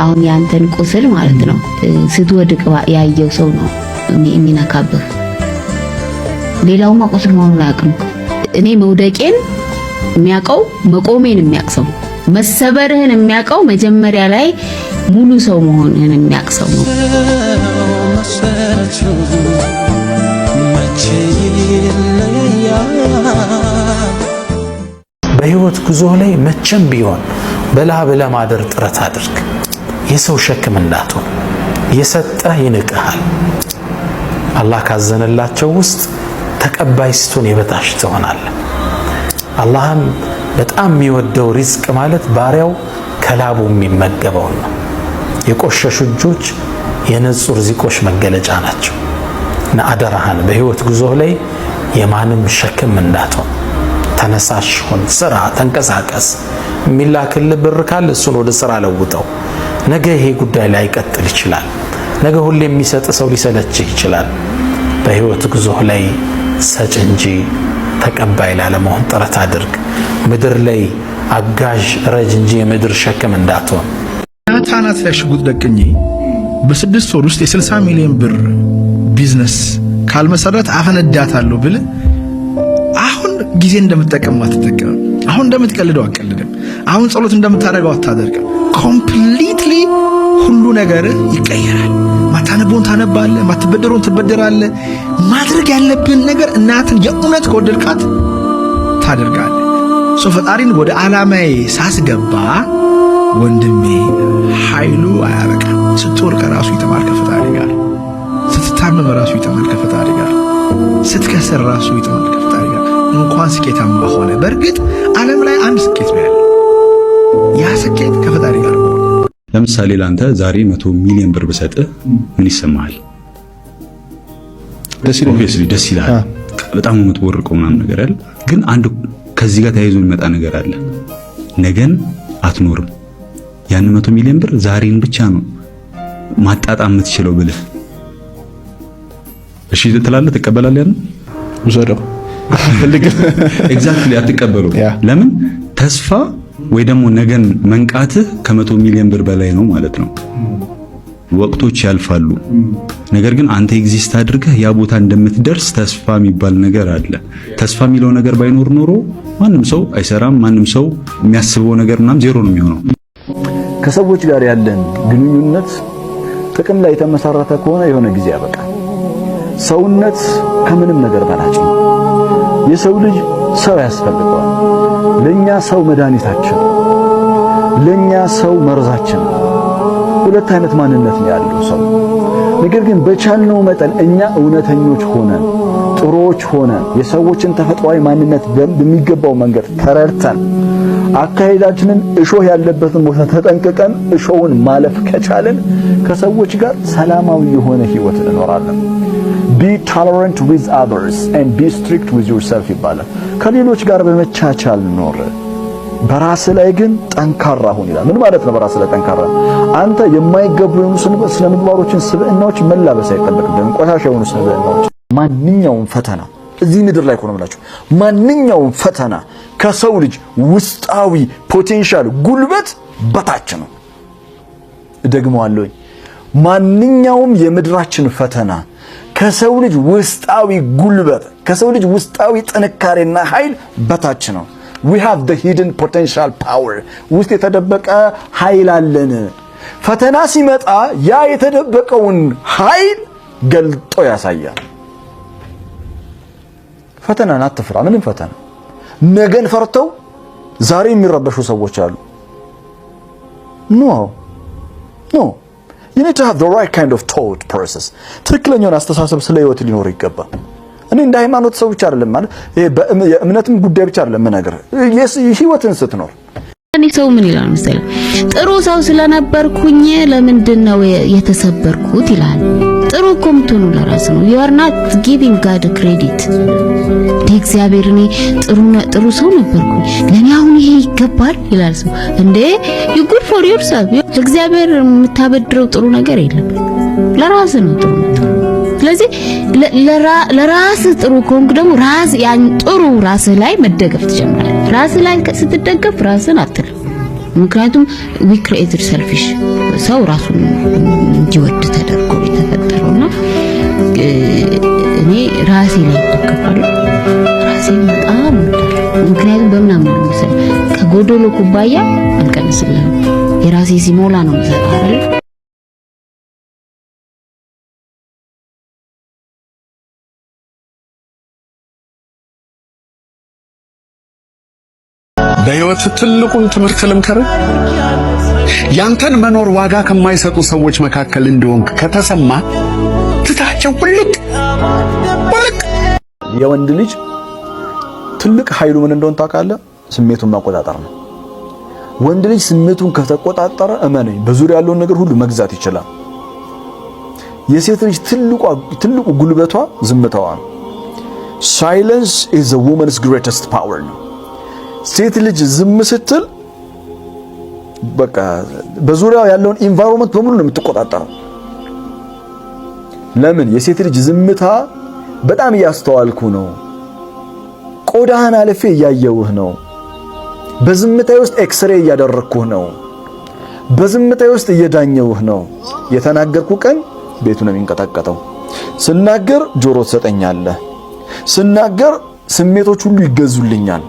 አሁን ያንተን ቁስል ማለት ነው ስትወድቅ ያየው ሰው ነው የሚነካብህ። ሌላውማ ቁስል መሆኑን አያውቅም። እኔ መውደቄን የሚያውቀው መቆሜን የሚያውቅ ሰው፣ መሰበርህን የሚያውቀው መጀመሪያ ላይ ሙሉ ሰው መሆንህን የሚያውቅ ሰው ነው። በህይወት ጉዞ ላይ መቼም ቢሆን በላ ብለህ ማደር ጥረት አድርግ። የሰው ሸክም እንዳትሆን። የሰጠህ ይንቅሃል። አላህ ካዘነላቸው ውስጥ ተቀባይ ስትሆን የበታች ትሆናለህ። አላህም በጣም የሚወደው ሪዝቅ ማለት ባሪያው ከላቡ የሚመገበው ነው። የቆሸሹ እጆች የነጹ ርዚቆች መገለጫ ናቸው። አደራህን በህይወት ጉዞህ ላይ የማንም ሸክም እንዳትሆን ተነሳሽ ሁን፣ ስራ፣ ተንቀሳቀስ። የሚላክልህ ብር ካለ እሱን ወደ ስራ ለውጠው። ነገ ይሄ ጉዳይ ላይ ቀጥል ይችላል። ነገ ሁሌ የሚሰጥ ሰው ሊሰለችህ ይችላል። በህይወት ጉዞህ ላይ ሰጭ እንጂ ተቀባይ ላለመሆን ጥረት አድርግ። ምድር ላይ አጋዥ ረጅ እንጂ የምድር ሸክም እንዳትሆን። ናታናት ላይ ሽጉጥ ደቅኝ በስድስት ወር ውስጥ የ60 ሚሊዮን ብር ቢዝነስ ካልመሰረት አፈነዳታለሁ ብል አሁን ጊዜ እንደምትጠቀሙ አትጠቀምም። አሁን እንደምትቀልደው አትቀልድም። አሁን ጸሎት እንደምታደርገው አታደርግም። ኮምፕሊትሊ ሁሉ ነገር ይቀየራል። ማታነቦን ታነባለ፣ ማትበደሮን ትበደራለ። ማድረግ ያለብን ነገር እናትን የእውነት ከወደድካት ታደርጋለ። ሰው ፈጣሪን ወደ ዓላማዬ ሳስገባ ወንድሜ ኃይሉ አያበቃ። ስትወርቅ ራሱ ይተማር ከፈጣሪ ጋር፣ ስትታመመ ራሱ ይተማር ከፈጣሪ ጋር፣ ስትከሰር ራሱ ይተማር ከፈጣሪ ጋር። እንኳን ስኬታማ ሆነ። በእርግጥ ዓለም ላይ አንድ ስኬት ነው ያለ ያ ስኬት ከፈጣሪ ጋር ለምሳሌ ለአንተ ዛሬ መቶ ሚሊዮን ብር ብሰጥህ ምን ይሰማሃል? ደስ ይላል። ደስ ይላል። በጣም የምትወርቀው ምናምን ነገር አለ። ግን አንድ ከዚህ ጋር ተያይዞ የሚመጣ ነገር አለ። ነገን አትኖርም። ያን መቶ ሚሊዮን ብር ዛሬን ብቻ ነው ማጣጣም የምትችለው ብልህ እሺ ትላለህ፣ ትቀበላለህ። ያን ውሰደው። ኤግዛክትሊ አትቀበሉ። ለምን ተስፋ ወይ ደግሞ ነገን መንቃትህ ከመቶ ሚሊዮን ብር በላይ ነው ማለት ነው። ወቅቶች ያልፋሉ። ነገር ግን አንተ ኤግዚስት አድርገህ ያ ቦታ እንደምትደርስ ተስፋ የሚባል ነገር አለ። ተስፋ የሚለው ነገር ባይኖር ኖሮ ማንም ሰው አይሰራም። ማንም ሰው የሚያስበው ነገር ምናምን ዜሮ ነው የሚሆነው። ከሰዎች ጋር ያለን ግንኙነት ጥቅም ላይ የተመሰረተ ከሆነ የሆነ ጊዜ ያበቃ። ሰውነት ከምንም ነገር በላጭ የሰው ልጅ ሰው ያስፈልገዋል። ለኛ ሰው መድኃኒታችን፣ ለኛ ሰው መርዛችን። ሁለት አይነት ማንነት ነው ያለው ሰው። ነገር ግን በቻልነው መጠን እኛ እውነተኞች ሆነን ጥሩዎች ሆነን የሰዎችን ተፈጥሯዊ ማንነት በሚገባው መንገድ ተረድተን አካሄዳችንን እሾህ ያለበትን ቦታ ተጠንቅቀን እሾውን ማለፍ ከቻልን ከሰዎች ጋር ሰላማዊ የሆነ ህይወት እንኖራለን። ቢ ቶለረንት ዊዝ አዘርስ ኤንድ ቢ ስትሪክት ዊዝ ዩርሰልፍ ይባላል። ከሌሎች ጋር በመቻቻል ኖር፣ በራስ ላይ ግን ጠንካራ ሁን ይላል። ምን ማለት ነው? በራስ ላይ ጠንካራ አንተ የማይገቡ የሆኑ ስነ ምግባሮችን፣ ስብዕናዎች መላበስ አይጠበቅብህም። ቆሻሻ የሆኑ ስብዕናዎች ማንኛውም ፈተና እዚህ ምድር ላይ ሆኖ ብላችሁ ማንኛውም ፈተና ከሰው ልጅ ውስጣዊ ፖቴንሻል ጉልበት በታች ነው። አለኝ ማንኛውም የምድራችን ፈተና ከሰው ልጅ ውስጣዊ ጉልበት ከሰው ልጅ ውስጣዊ ጥንካሬና ኃይል በታች ነው። ዊ ሃቭ ዘ ሂድን ፖቴንሻል ፓወር ውስጥ የተደበቀ ኃይል አለን። ፈተና ሲመጣ ያ የተደበቀውን ኃይል ገልጦ ያሳያል። ፈተናን አትፍራ። ምንም ፈተና ነገን ፈርተው ዛሬ የሚረበሹ ሰዎች አሉ። ኖ ኖ you need to have the right kind of thought process ትክክለኛውን አስተሳሰብ ስለ ህይወት ሊኖር ይገባል። እኔ እንደ ሃይማኖት ሰው ብቻ አይደለም ማለት ይሄ የእምነትም ጉዳይ ብቻ አይደለም ነገር ህይወትን ስትኖር እኔ ሰው ምን ይላል መሰለህ ጥሩ ሰው ስለነበርኩኝ ለምንድን ነው የተሰበርኩት ይላል። ጥሩ እኮ የምትሆኑ ለራስ ነው። you are not giving God credit እግዚአብሔር እኔ ጥሩ ሰው ነበርኩኝ ለኔ አሁን ይሄ ይገባል ይላል ሰው። እንዴ you good for yourself ለእግዚአብሔር የምታበድረው ጥሩ ነገር የለም። ለራስ ነው ጥሩ ስለዚህ ለራስ ጥሩ ከሆንክ ደግሞ ራስ ያን ጥሩ ራስ ላይ መደገፍ ትጀምራለህ። ራስ ላይ ስትደገፍ ራስን አትል። ምክንያቱም we created selfish ሰው ራሱን እንዲወድ ተደርጎ የተፈጠረው እና እኔ ራሴ ላይ ተከፋለሁ። ራሴን በጣም ምክንያቱም በምን አምነው መሰለኝ ከጎዶሎ ኩባያ አልቀንስልህም፣ የራሴ ሲሞላ ነው የምሰራው አይደል በህይወት ትልቁን ትምህርት ልምከርህ ያንተን መኖር ዋጋ ከማይሰጡ ሰዎች መካከል እንደሆንክ ከተሰማ ትታቸው ውልቅ ውልቅ። የወንድ ልጅ ትልቅ ኃይሉ ምን እንደሆን ታውቃለህ? ስሜቱን መቆጣጠር ነው። ወንድ ልጅ ስሜቱን ከተቆጣጠረ እመነኝ፣ በዙሪያ ያለውን ነገር ሁሉ መግዛት ይችላል። የሴት ልጅ ትልቁ ጉልበቷ ዝምታዋ ነው። ሳይለንስ ኢዝ ዘ ውመንስ ግሬተስት ፓወር ነው። ሴት ልጅ ዝም ስትል በቃ በዙሪያው ያለውን ኢንቫይሮንመንት በሙሉ ነው የምትቆጣጠረው። ለምን የሴት ልጅ ዝምታ በጣም እያስተዋልኩ ነው፣ ቆዳህን አልፌ እያየውህ ነው፣ በዝምታዬ ውስጥ ኤክስሬ እያደረግኩህ ነው፣ በዝምታዬ ውስጥ እየዳኘውህ ነው። የተናገርኩ ቀን ቤቱ ነው የሚንቀጠቀጠው። ስናገር ጆሮ ትሰጠኛለህ፣ ስናገር ስሜቶች ሁሉ ይገዙልኛል።